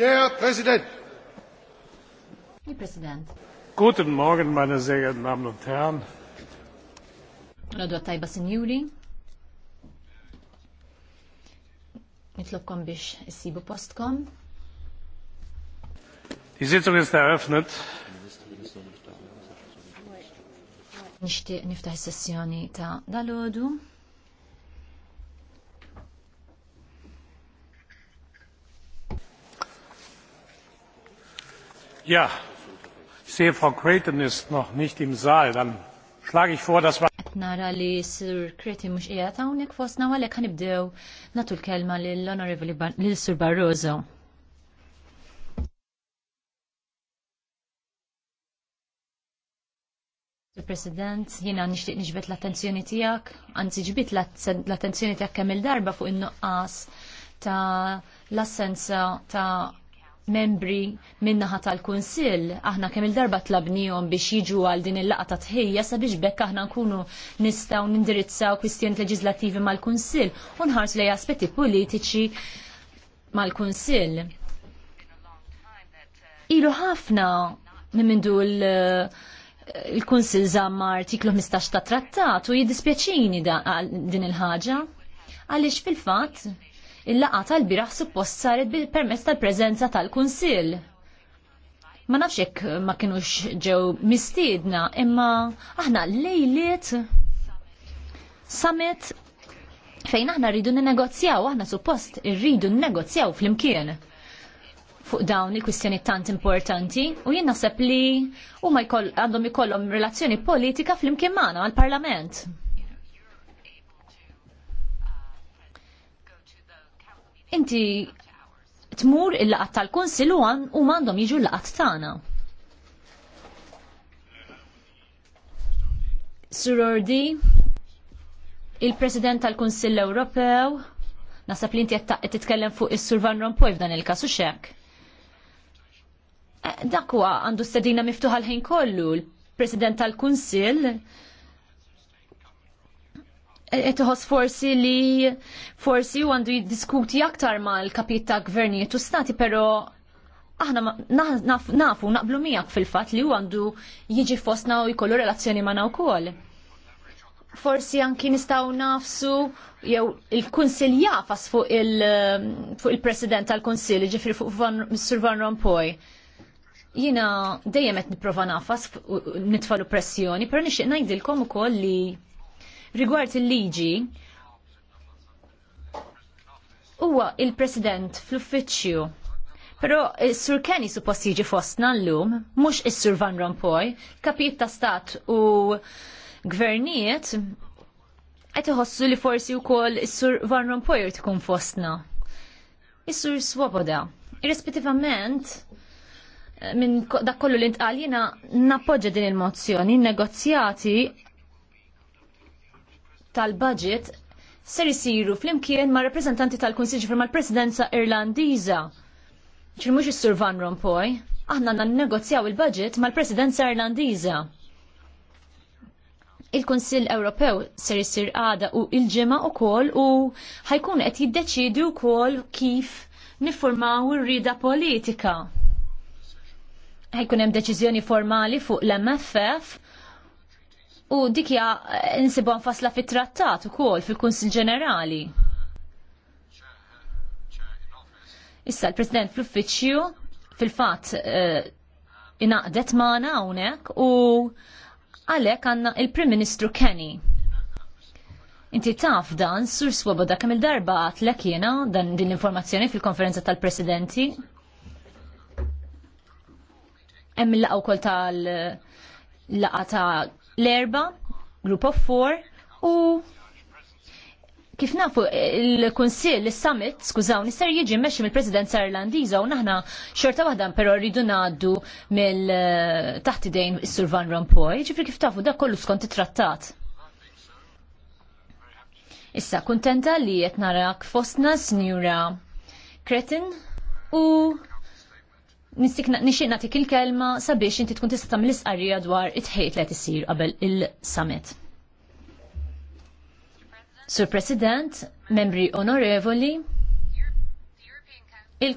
Herr President. Guten Morgen, meine sehr geehrten Damen und Herren! tajba sinjuri. Nitlobkom biex postkom. Die Sitzung ist eröffnet. Nishtiq niftaħ sessjoni ta' dalodu. ich sehe, Frau Creighton ist noch nicht im Saal. Dann schlage ich vor, dass wir... nara li Sir Kreti mux ija ta' unik fosna għalek għanibdew natu l-kelma l-Honorable l-Sir Barroso. President, jina nishtiq nġbet l-attenzjoni tijak, għanzi ġbit l-attenzjoni tijak kemm il-darba fuq il-nuqqas ta' l-assenza ta' membri minnaħa tal-Kunsill, aħna kemm il-darba tlabnihom biex jiġu għal din il laqgħa ta' tħejja sabiex bekk aħna nkunu nistgħu nindirizzaw kwistjoni leġislattivi mal-Kunsill u nħarsu lej aspetti politiċi mal-Kunsill. Ilu ħafna minn mindu l-Kunsill zamma artiklu 15 ta' trattat u jiddispjaċini din il-ħaġa għaliex fil-fatt Il-laqa tal-biraħ suppost saret permezz tal-preżenza tal kunsil Ma nafx jekk ma kienux ġew mistiedna, imma aħna lejliet summit fejn aħna rridu negozjaw, aħna suppost irridu negozjaw fl-imkien fuq dawn il-kwistjoni tant importanti u jien naħseb li huma għandhom ikollhom relazzjoni politika fl-imkien magħna għall-Parlament. inti tmur il-laqat tal-konsil u għandhom jiġu l-laqat tagħna. Surordi, il-President tal-Kunsill Ewropew, nasab li inti qed titkellem fuq is-Sur Van Rompuy f'dan il-każ u xek. Eh, Dakwa għandu stedina miftuħa l-ħin kollu, l-President tal-Kunsill etħos e, forsi li forsi u għandu jiddiskuti aktar ma l-kapit ta' gvernijiet u stati, pero aħna nafu naqblu miegħek fil-fatt li u għandu jiġi fostna u jkollu relazzjoni ma' ukoll. Forsi anki nistaw nafsu jew il-kunsil jafas fuq il-president il tal-kunsil, ġifri fuq Mr. Van Rompuy. Jina dejjem qed nipprova nafas nitfalu pressjoni, però nixtieq ngħidilkom ukoll li Rigward il-liġi, huwa il-President fl-uffiċċju. Però s-Sur eh, Kenny suppost jiġi fostna llum, mhux is-Sur Van Rompuy, kapijiet ta' stat u gvernijiet qed iħossu li forsi wkoll is-Sur Van Rompuy tkun fostna. Is-Sur Swoboda. Irrespettivament, eh, minn dak kollu li ntqal jiena nappoġġa din il-mozzjoni, negozjati tal-budget ser isiru flimkien ma' rappresentanti tal-Kunsiġi fir mal-Presidenza Irlandiża. ċir mhux is-Sur Van Rompuy, aħna negozjaw il-budget mal-Presidenza Irlandiża. Il-Kunsill Ewropew ser jisir għada u il-ġimgħa kol u ħajkun qed jiddeċidu wkoll kif niffurmaw ir-rida politika. Ħajkun hemm deċiżjoni formali fuq l-MFF u dikja eh, insibu nfasla fit-trattat ukoll fil-Kunsil Ġenerali. Issa l-President fl-uffiċċju fil-fatt eh, inaqdet maħna hawnhekk u għalek għandna il-Prim Ministru Kenny. Inti taf dan, Sur Swoboda, kemm il-darba għatlek jena dan din l-informazzjoni fil-konferenza tal-presidenti? Hemm il-laqgħa wkoll tal-laqa ta' l-erba, group of four, u kif nafu il-Kunsill, il-Summit, skużaw, nistar jiġi meċi mill-Presidenza Irlandiża u naħna xorta waħda pero rridu naddu mill eh, taħt idejn Sur Van Rompuy, ġifri kif tafu da kollu skont it-trattat. Issa, kuntenta li qed narak fostna Snjura Kretin u nixtieq nagħtik il-kelma sabiex inti tkun tista' tagħmel isqarrija dwar it-ħejt li qed isir qabel il-summit. Sur President, membri onorevoli,